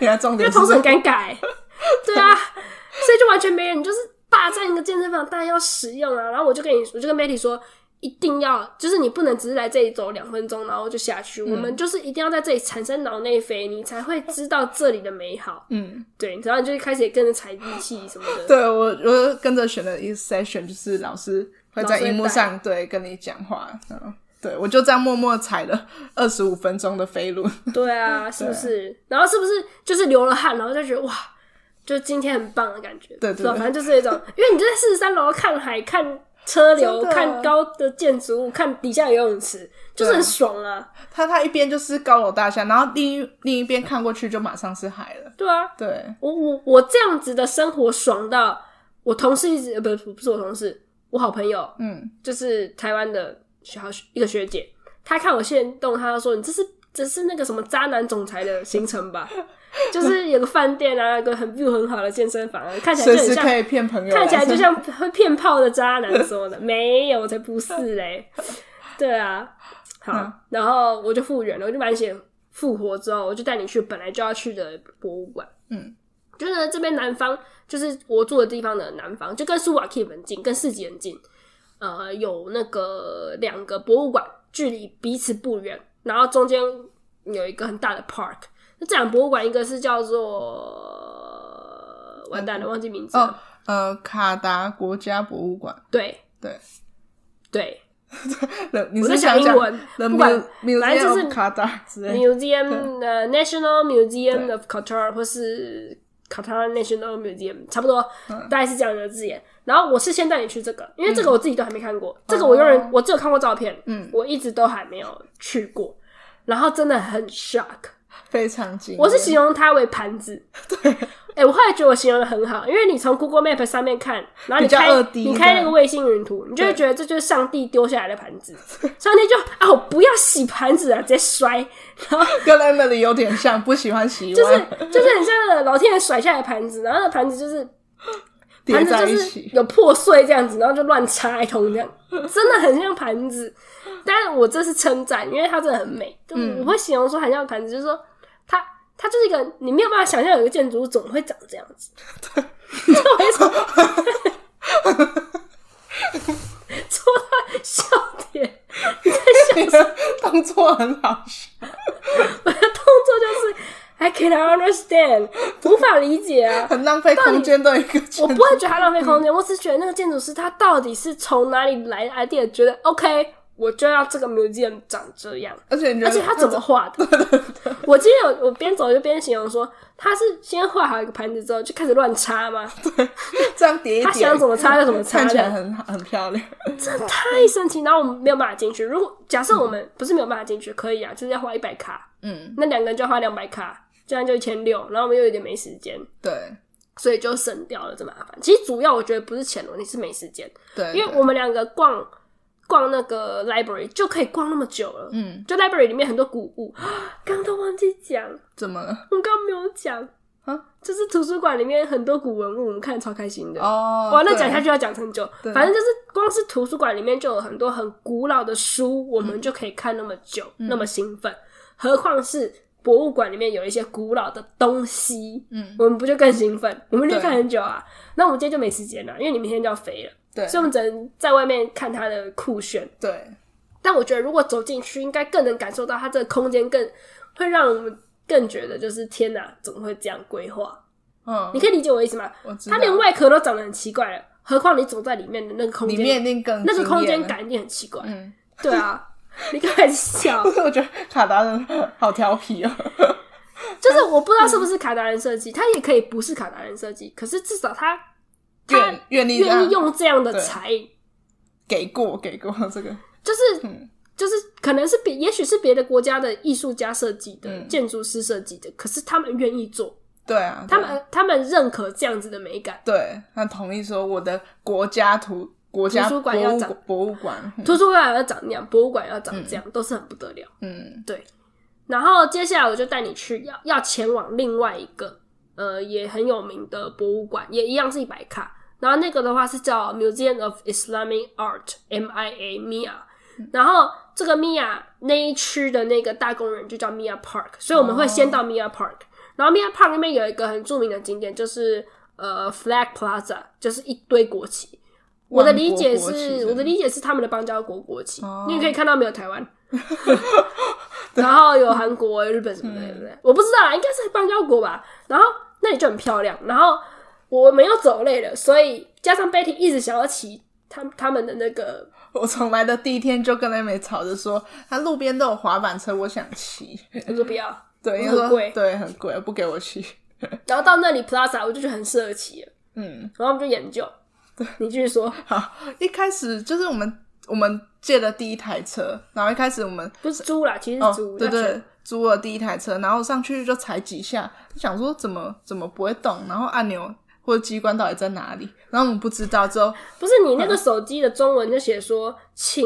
原 來重點，因為同事很尷尬。 對啊，所以就完全沒人，就是。霸佔一個健身房，當然要使用啊。然後我就跟你，我就跟 Betty 說，一定要，就是你不能只是來這裡走兩分鐘，然後就下去、嗯。我們就是一定要在這裡產生腦內啡，你才會知道這裡的美好。嗯，對。然後你就是開始跟着踩機器什麼的。對我，我跟着選了一個 session，就是老師會在熒幕上對，跟你講話。嗯，對，我就這樣默默踩了二十五分鐘的飛輪。對啊，是不是、啊？然後是不是就是流了汗，然後就覺得哇。就今天很棒的感覺，對對、對，反正就是一種， 因為你就在四十三樓看海、看車流、看高的建築物、看底下游泳池，就是很爽啊。他他一邊就是高樓大廈，然後另一另一邊看過去就馬上是海了。對啊，對，我我我這樣子的生活爽到我同事一直、呃、不不不是我同事，我好朋友，嗯，就是台灣的小一個學姐，她看我限動，她就說你，這是這是那個什麼渣男總裁的行程吧。 就是有個飯店啊，有個很又很，很好的健身房，啊，看起來就很像，可以騙朋友。看起來就像會騙炮的渣男說的。 沒有，我才不是嘞！ 對啊，好，嗯、然後我就復原了，我就滿血復活之後，我就帶你去本來就要去的博物館。嗯，就是這邊南方，就是我住的地方的南方，就跟蘇瓦基很近，跟市集很近。呃，有那個兩個博物館，距離彼此不遠，然後中間有一個很大的 park。這兩博物館一個是叫做完蛋了、嗯，忘記名字哦，呃，卡達國家博物館，對對對，對 是我在想英文，不管、M、Qatar, 反正就是卡達，Museum 呃、 uh,，National Museum of Qatar，或是 Qatar National Museum，差不多、嗯，大概是這樣的字眼。然後我是先帶你去這個，因為這個我自己都還沒看過，嗯、這個我用人我只有看過照片，嗯，我一直都還沒有去過，然後真的很 shock。我是形容它為盤子。對，哎、欸，我後來覺得我形容的很好，因為你從 Google Map 上面看，然後你開你開那個衛星雲圖，你就會覺得這就是上帝丟下來的盤子。上帝就啊，我不要洗盤子啊，直接摔。然後 跟 Emily 有點像，不喜歡洗碗，就是就是很像那個老天爺甩下來的盤子，然後那盤子就是盤子就是有破碎這樣子，然後就亂插一通這樣，真的很像盤子。但是我這是稱讚，因為它真的很美。嗯，我會形容說很像盤子，就是說。嗯。他就是一個你沒有辦法想象有一個建築物總會長這樣子，你知道為什麼？說到笑點，你的動 作很好笑。我 的動作就是 I can't understand，無法理解啊， 很浪費空間的一個建築。我不會覺得他浪費空間， 我只覺得那個建築師他到底是從哪裡來的 idea？覺得 OK，我就要這個 museum 長這樣。而且，而且他怎麼畫的？ 我今天有，我邊走就邊形容說，他是先畫好一個盤子，之後就開始亂插嘛，對，這樣疊一疊，他想要怎麼插就怎麼插，看起來很很漂亮，這 太神奇。然後我們沒有辦法進去，如果假設我們不是沒有辦法進去，嗯，可以啊，就是要花一百卡，嗯，那兩個人就要花兩百卡，這樣就一千六。然後我們又有點沒時間，對，所以就省掉了這麼麻煩。其實主要我覺得不是錢的問題，是沒時間，對、對、對，因為我們兩個逛。逛那個 library 就可以逛那麼久了，嗯，就 library 裡面很多古物，啊、剛都忘記講，怎麼了？我剛沒有講啊，就是圖書館裡面很多古文物，我們看超開心的哦。哇，那講下去要講很久。對，反正就是光是圖書館裡面就有很多很古老的書，嗯、我們就可以看那麼久，嗯，那麼興奮，何況是博物館裡面有一些古老的東西，嗯，我們不就更興奮？嗯、我們就看很久啊。那我們今天就沒時間了，因為你明天就要飛了。對，所以我們只能在外面看它的酷炫，對。但我覺得如果走進去，應該更能感受到它這個空間，更會讓我們更覺得就是天哪、啊，怎麼會這樣規劃？嗯，你可以理解我意思嗎？它連外殼都長得很奇怪了，何況你走在裡面的那個空間，裡面那個那個空間感也很奇怪。嗯，對啊，你開玩笑，不是，我覺得卡達人好調皮哦、喔 。就是我不知道是不是卡達人設計，它、嗯、也可以不是卡達人設計，可是至少它。願願意願意用這樣的財給過給過這個，就是、嗯、就是可能是別，也許是別的國家的藝術家設計的，嗯、建築師設計的，可是他們願意做，對啊，他們他們認可這樣子的美感，對，他同意說我的國家圖國家圖書館要長博物館，圖書館要、嗯、要長這樣，博物館要長這樣、嗯，都是很不得了，嗯，對。然後接下來我就帶你去，要要前往另外一個。呃，也很有名的博物館，也一樣是一百卡。然後那個的話是叫 Museum of Islamic Art MIA MIA、嗯。然後這個 MIA 那一區的那個大公園就叫 MIA Park，所以我們會先到 MIA Park、哦。然後 MIA Park 那邊有一個很著名的景點，就是呃 Flag Plaza，就是一堆國旗。國國旗我的理解是、嗯，我的理解是他們的邦交國國旗。哦、你也可以看到沒有台灣， 然後有韓國、日本什麼的，嗯、我不知道啦，應該是邦交國吧。然後。那裡就很漂亮，然後我們又走累了，所以加上 Betty 一直想要騎他他們的那個。我從來的第一天就跟妹妹吵着說，他路邊都有滑板車，我想騎。我說不要， 對，因為很貴，對，很貴，不給我騎。然後到那裡 Plaza，我就就很適合騎，嗯。然後我們就研究，你繼續說。 好，一開始就是我們我們。借了第一台車，然後一開始我們不是租啦，其實是租。哦、對，對對，租了第一台車，然後上去就踩幾下，就想說怎麼怎麼不會動，然後按鈕或者機關到底在哪裡？然後我們不知道。之後不是你那個手機的中文就寫說、嗯，請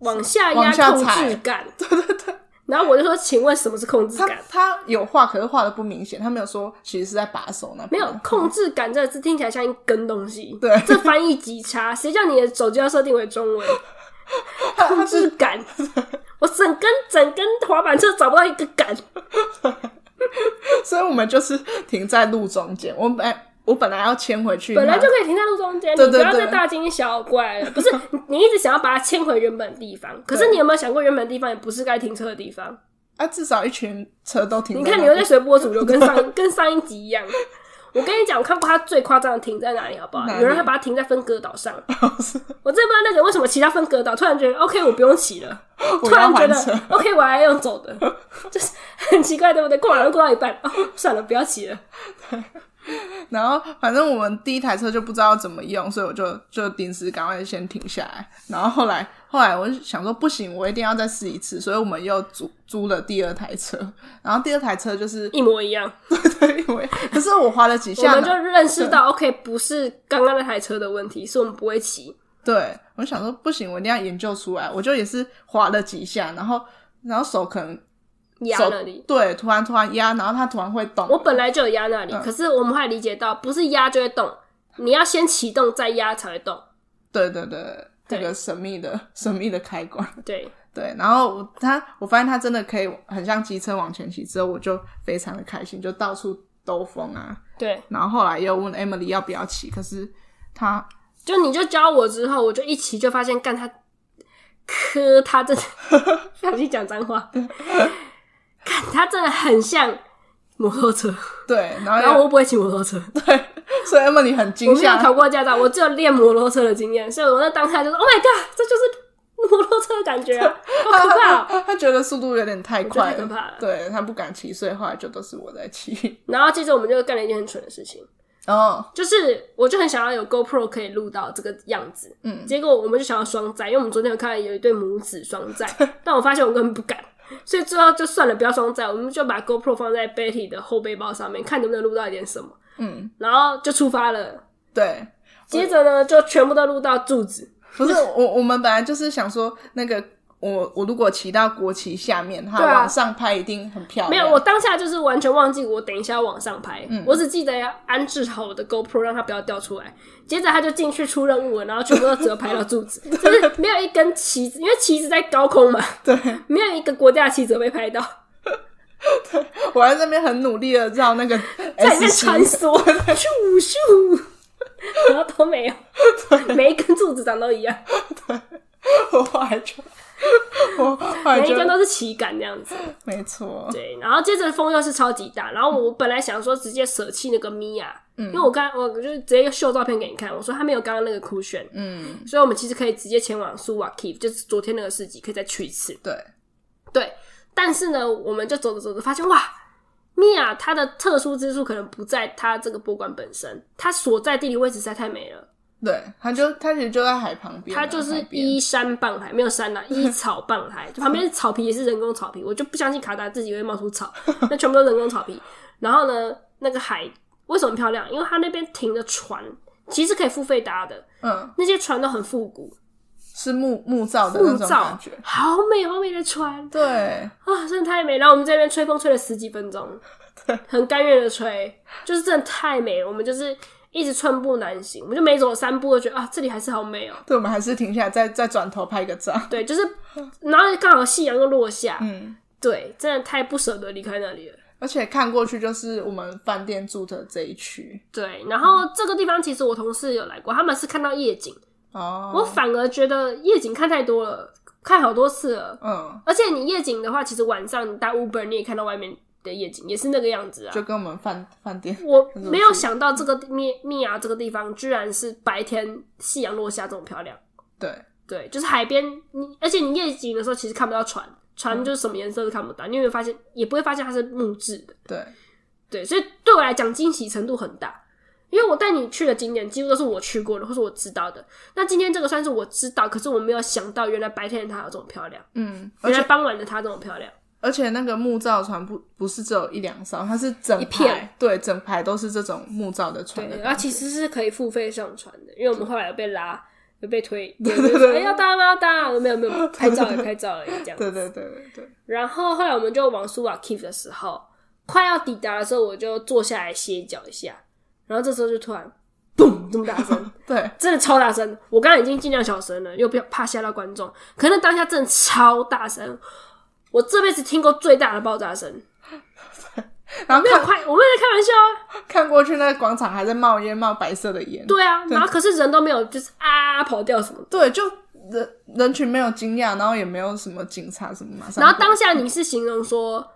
往下壓控制感。對對對。然後我就說，請問什麼是控制感？他，他有畫，可是畫的不明顯。他沒有說，其實是在把手呢。沒有控制感，這字聽起來像一根東西。對，這翻譯極差。誰叫你的手機要設定為中文？控制桿、啊、它是我整根整根滑板車找不到一個桿，所以我們就是停在路中間。我本來我本來要牽回去，本來就可以停在路中間，你不要再大驚小怪了、欸。不是你，一直想要把它牽回原本地方，可是你有沒有想過原本地方也不是該停車的地方？啊，至少一群車都停。你看你又在隨波逐流，跟上跟上一集一樣。我跟你講，我看過他最誇張的停在哪裡，好不好？有人還把它停在分隔島上。 我真不知道那種為什麼騎到分隔島突然覺得 OK，我不用騎了，突然覺得 OK，我還要用走的， 就是很奇怪，對不對？過馬路過到一半，哦，算了，不要騎了。 然後反正我們第一台車就不知道怎麼用，所以我就就臨時趕快先停下來。然後後來後來我就想說不行，我一定要再試一次，所以我們又租租了第二台車。然後第二台車就是一模一樣， 對對，一模一樣。可是我滑了幾下， 然後我們就認識到 OK，不是剛剛那台車的問題，是我們不會騎。對，我想說不行，我一定要研究出來。我就也是滑了幾下，然後然後手可能。壓那裡，對，突然突然壓，然後它突然會動。我本來就有壓那裡，嗯，可是我們還理解到，不是壓就會動，嗯、你要先啟動再壓才會動。對對對，對這個神秘的神秘的開關。對對，然後我他，我發現他真的可以，很像機車往前騎，之後我就非常的開心，就到處兜風啊。對。然後後來又問 Emily 要不要騎，可是他就你就教我之後，我就一騎就發現，幹他磕，磕他真，這 上 去講髒話。 看，他真的很像摩托車，對，然後，然後我不會騎摩托車，對，所以 Emily 很驚訝。我沒有考過駕照，我只有練摩托車的經驗，所以我在當下就是 ，Oh my god，這就是摩托車的感覺啊， 啊。好可怕，喔他！”他覺得速度有點太快了，太可怕了，對他不敢騎，所以後來就都是我在騎。然後接着我們就幹了一件很蠢的事情，哦、oh.，就是我就很想要有 GoPro 可以錄到這個樣子，嗯，結果我們就想要雙載，因為我們昨天有看到有一對母子雙載， 但我發現我根本不敢。所以最後就算了，不要雙載，我們就把 GoPro 放在 Betty 的後背包上面，看能不能錄到一點什麼。嗯，然後就出發了。對，接着呢，就全部都錄到柱子。不是我，我們本來就是想說那個。我我如果騎到國旗下面，它、啊、往上拍一定很漂亮。沒有，我當下就是完全忘記我等一下要往上拍、嗯，我只記得要安置好我的 GoPro，、嗯、讓它不要掉出來。接着他就進去出任務了，然後全部都只有拍到柱子， 就是沒有一根旗子，因為旗子在高空嘛。對，沒有一個國家的旗子被拍到。對我還在那邊很努力的道那個， 在那穿梭去武術，然後都沒有，每一根柱子長都一樣。對，我畫還差。哇！每一根都是旗桿那樣子，沒錯。對，然後接着風又是超級大，然後我本來想說直接舍棄那個 MIA，嗯，因為我剛我就直接秀照片給你看，我說他沒有剛剛那個 cushion，嗯，所以我們其實可以直接前往 Souq Waqif 就是昨天那個市集可以再去一次，對對。但是呢，我們就走着走着發現，哇，MIA 她的特殊之處可能不在她這個博物館本身，她所在地理位置實在太美了。對，他就他其實就在海旁邊，他就是依山傍海，沒有山啦、啊，依草傍海， 就旁邊是草皮，也是人工草皮。我就不相信卡達自己會冒出草，那全部都人工草皮。 然後呢，那個海為什麼漂亮？因為它那邊停的船其實可以付費搭的，嗯，那些船都很複古，是木木造的，木造感覺好美好美的船，對啊，真的太美。然後我們在那邊吹風吹了十幾分鐘，很甘願的吹，就是真的太美了，我們就是。一直寸步難行，我們就每走三步都覺得啊，這裡還是好美哦、喔。對，我們還是停下來，再再轉頭拍個照。對，就是，然後剛好夕陽又落下。嗯，對，真的太不捨得離開那裡了。而且看過去就是我們飯店住的這一區。對，然後這個地方其實我同事有來過，他們是看到夜景哦、嗯。我反而覺得夜景看太多了，看好多次了。嗯。而且你夜景的話，其實晚上你搭 Uber 你也看到外面。的夜景也是那個樣子啊，就跟我們飯飯店。我沒有想到這個 MIA 這個地方，居然是白天夕陽落下這麼漂亮。對對，就是海邊，你而且你夜景的時候其實看不到船，船就是什麼顏色都看不到。嗯。你有沒有發現？也不會發現它是木質的。對對，所以對我來講驚喜程度很大，因為我帶你去的景點幾乎都是我去過的，或是我知道的。那今天這個算是我知道，可是我沒有想到原來白天的它有這麼漂亮，嗯，原來傍晚的它這麼漂亮。而且那個木造船不不是只有一兩艘，它是整排片、欸，對，整排都是這種木造的船的。對，它其實是可以付費上船的，因為我們後來有被拉，有被推，對對對，對，對，對、欸，要搭嗎？要搭，沒有沒有，拍照也拍照而已，這樣子。對對對對。然後後來我們就往 Souq Waqif 的時候，快要抵達的時候，我就坐下來歇腳一下，然後這時候就突然嘣這麼大聲， 對，真的超大聲，我剛才已經儘量小聲了，又不要怕嚇到觀眾，可能當下真的超大聲。我這輩子聽過最大的爆炸聲， 然後沒有開，我沒有在開玩笑啊。看過去，那個廣場還在冒煙，冒白色的煙。對啊，然後可是人都沒有，就是啊，啊跑掉什麼的？對，就人人群沒有驚訝，然後也沒有什麼警察什麼嘛。然後當下你是形容說，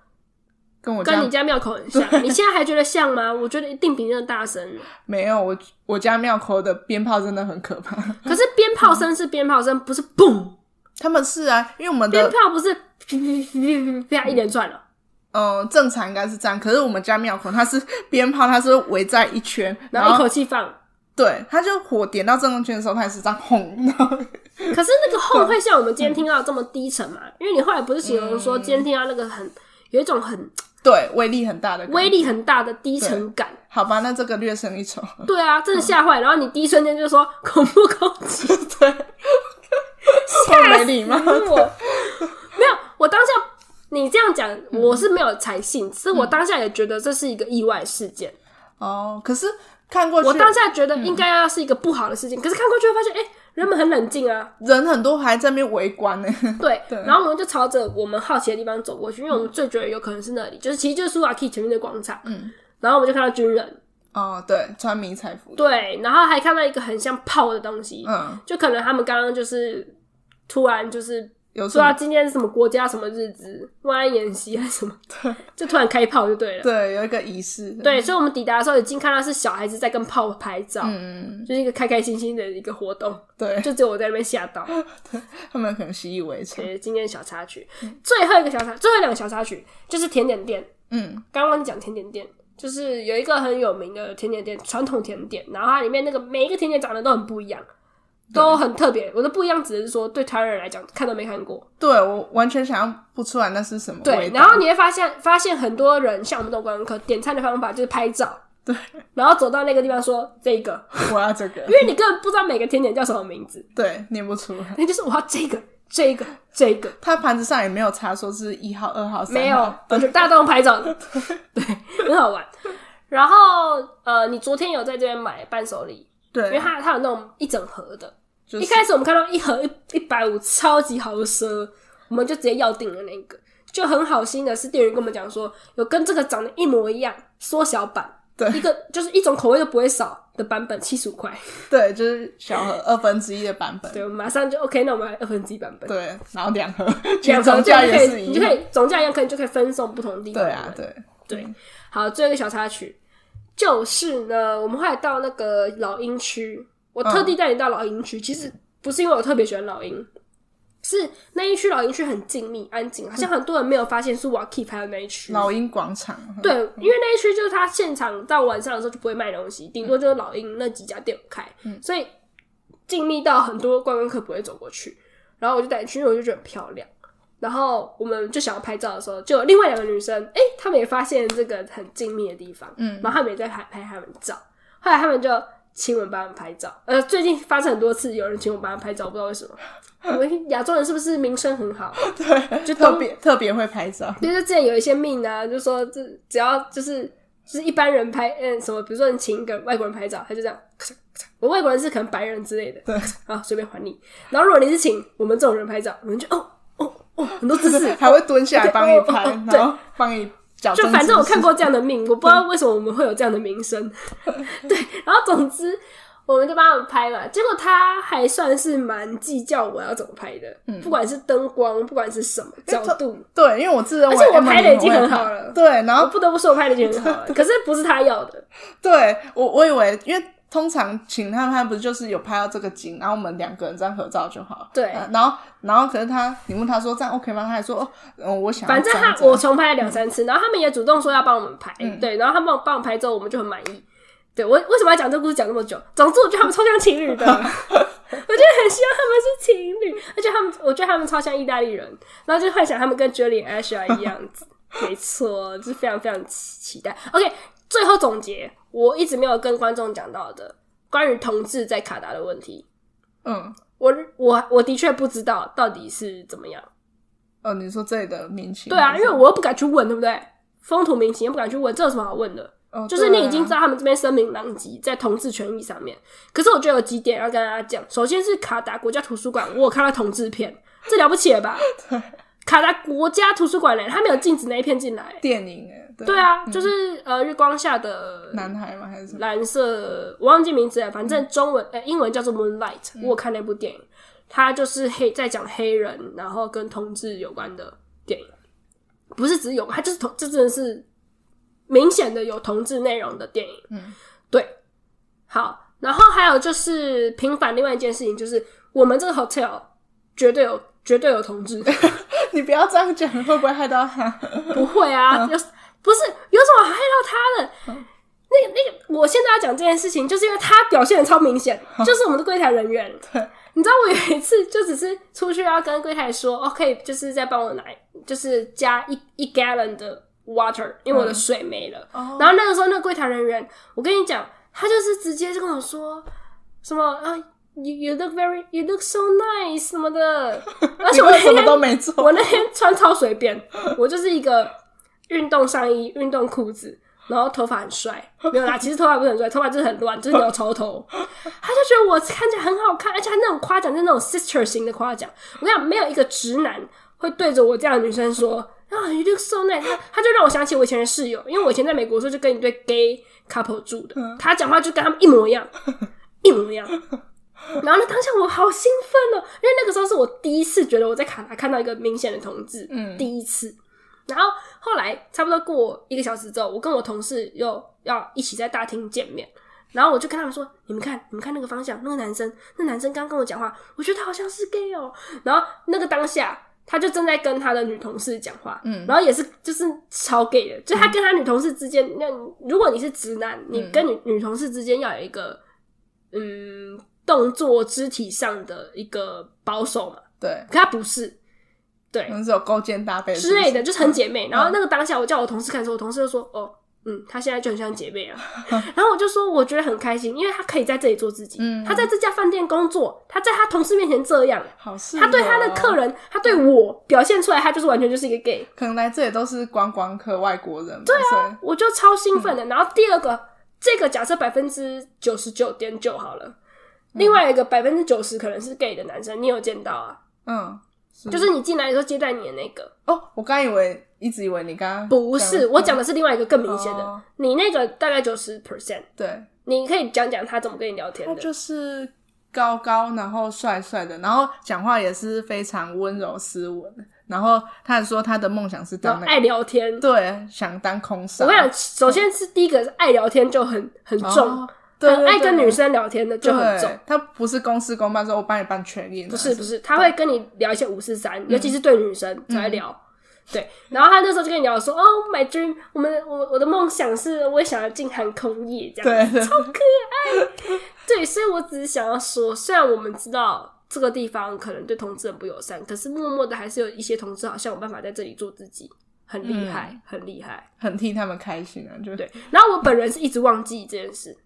跟我跟你家廟口很像，你現在還覺得像嗎？ 我覺得一定比那個大聲。沒有，我我家廟口的鞭炮真的很可怕。可是鞭炮聲是鞭炮聲， 不是嘣。他們是啊，因為我們的鞭炮不是。啪 一連串了，嗯，呃、正常應該是這樣。可是我們家廟口它是鞭炮，它是圍在一圈，然後一口氣放，對，它就火點到正中間的時候，它也是這樣轟。可是那個轟會、嗯、像我們今天聽到這麼低沉嘛、嗯、因為你後來不是形容說，今天聽到那個很有一種很、嗯、對，威力很大的威力很大的低沉感？好吧，那這個略勝一籌。對啊，真的嚇壞、嗯。然後你第一瞬間就說恐怖攻擊 對，我當下你這樣講，我是沒有採信，所、嗯、以我當下也覺得這是一個意外事件哦。可是看過去，我當下覺得應該要是一個不好的事情、嗯，可是看過去發現，哎、欸，人們很冷靜啊，人很多還在那邊圍觀呢。對，然後我們就朝着我們好奇的地方走過去，因為我們最覺得有可能是那裡，嗯、就是其實就是 Souq Waqif 前面的廣場。嗯，然後我們就看到軍人，哦，對，穿迷彩服，對，然後還看到一個很像炮的東西，嗯，就可能他們剛剛就是突然就是。有說啊，今天是什麼國家什麼日子？萬安演習還是什麼？對， 就突然開炮就對了。對，有一個儀式。對，所以，我們抵達的時候已經看到是小孩子在跟炮拍照，嗯，就是一個開開心心的一個活動。對，就只有我在那邊嚇到對。對，他們可能習以為常。今天的小插曲、嗯，最後一個小插，最後兩個小插曲就是甜點店。嗯，剛剛講甜點店，就是有一個很有名的甜點店，傳統甜點，然後它裡面那個每一個甜點長得都很不一樣。都很特別，我都不一樣，只是說對台灣人來講，看都沒看過。對，我完全想象不出來那是什麼。對，然後你會發現，發現很多人像我們這種觀光客，點餐的方法就是拍照。對，然後走到那個地方說這個，我要這個， 因為你根本不知道每個甜點叫什麼名字，對，念不出來。那就是我要這個，這個，這個。他盤子上也沒有插說是一號、二號、三號、沒有。大家都要拍照，對，很好玩。 然後呃，你昨天有在這邊買伴手禮？對、啊，因為它它有那種一整盒的、就是，一開始我們看到一盒一一百五，150, 超級豪奢，我們就直接要定了那一個。就很好心的是店員跟我們講說，有跟這個長得一模一樣縮小版，對，一個就是一種口味都不會少的版本，七十五塊。對，就是小盒二 分之一的版本。對，對我馬上就 OK，那我們還二分之一版本。對，然後兩盒， 兩盒可以 總價也是一，你就可以總價一樣，可以就可以分送不同地方。對啊，對，對，好，最後一個小插曲。就是呢，我們後來到那個老鷹區，我特地帶你到老鷹區。Oh. 其實不是因為我特別喜歡老鷹，是那一區老鷹區很靜謐、安靜，好像很多人沒有發現是我要 keep 拍的那一區。老鷹廣場，對，因為那一區就是他現場到晚上的時候就不會賣東西，嗯、頂多就是老鷹那幾家店開、嗯，所以靜謐到很多觀光客不會走過去。然後我就帶你去，因為我就覺得很漂亮。然後我們就想要拍照的時候，就另外兩個女生，哎、欸，她們也發現這個很靜謐的地方，嗯，然後她們也在拍拍他們照。後來他們就請我們幫他們拍照。呃，最近發生很多次，有人請我們幫他拍照，我不知道為什麼， 我們亞洲人是不是名聲很好？對，就特別特別會拍照。就是之前有一些命啊，就說這只要就是就是一般人拍嗯、什麼，比如說你請一個外國人拍照，他就這樣，咔嚓咔嚓，我外國人是可能白人之類的，對，好，隨便還你。然後如果你是請我們這種人拍照，我們就哦。哇，很多姿勢，啊，還會蹲下來幫你拍，okay, oh, oh, oh, oh, 然後幫你講。就反正我看過這樣的命， 我不知道為什麼我們會有這樣的名聲。 對，然後總之我們就幫他們拍嘛。結果他還算是蠻計較我要怎麼拍的，嗯，不管是燈光，不管是什麼角度，欸，對，因為我自認為而且我拍的已經很好了。對，然後我不得不說我拍的已經很好了， 可是不是他要的。對我，我以為因為。通常請他們，他們不是就是有拍到這個景，然後我們兩個人這樣合照就好對，呃，然後然後可是他，你問他說這樣 OK 嗎？他還說哦，嗯，我想反正他我重拍了兩三次，嗯，然後他們也主動說要幫我們拍，嗯。對，然後他們幫我，幫我們拍之後，我們就很滿意。對。我為什麼要講這個故事講那麼久？總之我覺得他們超像情侶的， 我覺得很希望他們是情侶，而且他們我覺得他們超像意大利人，然後就幻想他們跟 Julian Asher 一樣子。 沒錯，就是非常非常期待。OK，最後總結。我一直沒有跟觀眾講到的關於同志在卡達的問題，嗯，我我我的確不知道到底是怎麼樣。哦，你說這裡的民情？對啊，因為我又不敢去問，對不對？風土民情又不敢去問，這有什麼好問的？哦，對啊。就是你已經知道他們這邊聲名狼藉在同志權益上面。可是我覺得有幾點要跟大家講。首先是卡達國家圖書館，我有看到同志片，這了不起了吧？ 卡達國家圖書館嘞，他沒有禁止那一片進來電影哎。對，對啊，嗯、就是呃，月光下的男孩嗎？還是藍色？我忘記名字了。反正中文、嗯、誒英文叫做《Moonlight》，嗯。我有看那部電影，它就是黑在講黑人，然後跟同志有關的電影，不是只有，它就是同，這真的是明顯的有同志內容的電影。嗯，對。好，然後還有就是平反另外一件事情，就是我們這個 hotel 絕對有，絕對有同志。 你不要這樣講，會不會害到他？ 不會啊，就是。不是有什麼害到他的，嗯、那那個，我現在要講這件事情，就是因為他表現的超明顯，嗯，就是我們的櫃檯人員。對，你知道我有一次就只是出去要跟櫃檯說，OK，就是再幫我拿，就是加一一 gallon 的 water，因為我的水沒了。哦、嗯。然後那個時候，那個櫃檯人員，我跟你講，他就是直接就跟我說，什麼 啊，You you look very, you look so nice 什麼的。而且我 因為什麼都沒做，我那天穿超隨便，我就是一個。運動上衣、運動褲子，然後頭髮很帥，沒有啦，其實頭髮不是很帥，頭髮就是很亂，就是鳥巢頭。他就覺得我看起來很好看，而且他那種誇獎就是、那種 sister 型的誇獎。我跟你講，沒有一個直男會對着我這樣的女生說啊、oh，you look so nice 他。他他就讓我想起我以前的室友，因為我以前在美國的時候就跟你一對 gay couple 住的，他講話就跟他們一模一樣，一模一樣。然後呢，當下我好興奮哦、喔，因為那個時候是我第一次覺得我在卡達看到一個明顯的同志、嗯，第一次。然後後來差不多過一個小時之後，我跟我同事又要一起在大廳見面。然後我就跟他們說：“你們看，你們看那個方向，那個男生，那個、男生剛剛跟我講話，我覺得他好像是 gay 哦。”然後那個當下，他就正在跟他的女同事講話，嗯，然後也是就是超 gay 的、嗯，就他跟他女同事之間，那、嗯、如果你是直男，嗯，你跟女女同事之間要有一個嗯動作肢體上的一個保守嘛，對，可他不是。對，可能是有勾肩搭背之類的，就是很姐妹。嗯、然後那個當下，我叫我同事看的時候、嗯，我同事就說：“哦，嗯，他現在就很像姐妹啊。呵呵”然後我就說：“我覺得很開心，因為他可以在這裡做自己。嗯，他在這家飯店工作，他在他同事面前這樣好、哦，他對他的客人，他對我表現出來，他就是完全就是一個 gay。可能來這裡都是觀光，光客，外國人。對啊，我就超興奮的。然後第二個，嗯、這個假設百分之九十九點九好了、嗯，另外一個百分之九十可能是 gay 的男生，你有見到啊？嗯。是就是你進來的時候接待你的那個哦。我剛以為，一直以為你剛剛不是，剛剛我講的是另外一個更明顯的、哦，你那個大概九十 percent，對，你可以講講他怎麼跟你聊天的，就是高高然後帥帥的，然後講話也是非常溫柔斯文，然後他還說他的夢想是當、那個、愛聊天，對，想當空少。我跟你講首先是第一個是愛聊天就很很重。哦對對對對很愛跟女生聊天的就很重，對，他不是公事公辦說我幫你辦全益，不是，是不是，他會跟你聊一些五四三，嗯、尤其是對女生才聊、嗯。對，然後他那時候就跟你聊說：“哦、 oh、，My Dream，我們我我的夢想是，我也想要進航空業，這樣子對，超可愛。 ”對，所以，我只是想要說，雖然我們知道這個地方可能對同志很不友善，可是默默的還是有一些同志好像有辦法在這裡做自己，很厲害，嗯、很厲害，很替他們開心啊！就對。然後我本人是一直忘記這件事。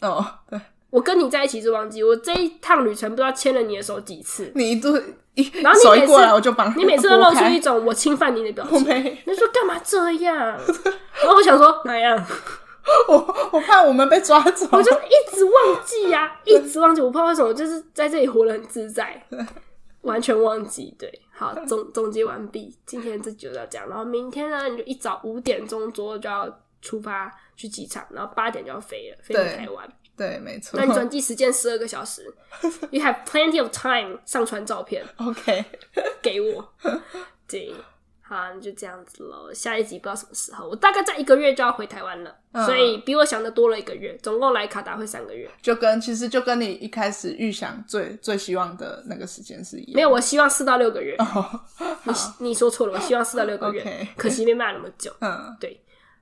哦，對，我跟你在一起是忘記我這一趟旅程，不知道牽了你的手幾次。你一都一，然後你一過、啊、我就幫你每次都露出一種我侵犯你的表情。我沒，你說干嘛這樣？ 然後我想說哪樣？我我怕我們被抓走。 我就一直忘記呀、啊，一直忘記。我不知道為什麼我就是在這裡活得很自在， 完全忘記。對，好，總總結完畢，今天這集就到這樣，然後明天呢，你就一早五點鐘左右就要出發。去機場，然後八點就要飛了，飛到台灣。對，沒錯。但轉機時間十二個小時 ，You have plenty of time 上傳照片。OK， 給我。對，好，你就這樣子囉。下一集不知道什麼時候，我大概在一個月就要回台灣了，嗯，所以比我想的多了一個月。總共來卡達會三個月，就跟其實就跟你一開始預想最最希望的那個時間是一樣。沒有，我希望四到六個月。你，oh, 你說錯了，我希望四到六個月，okay. 可惜沒辦那麼久。嗯，對。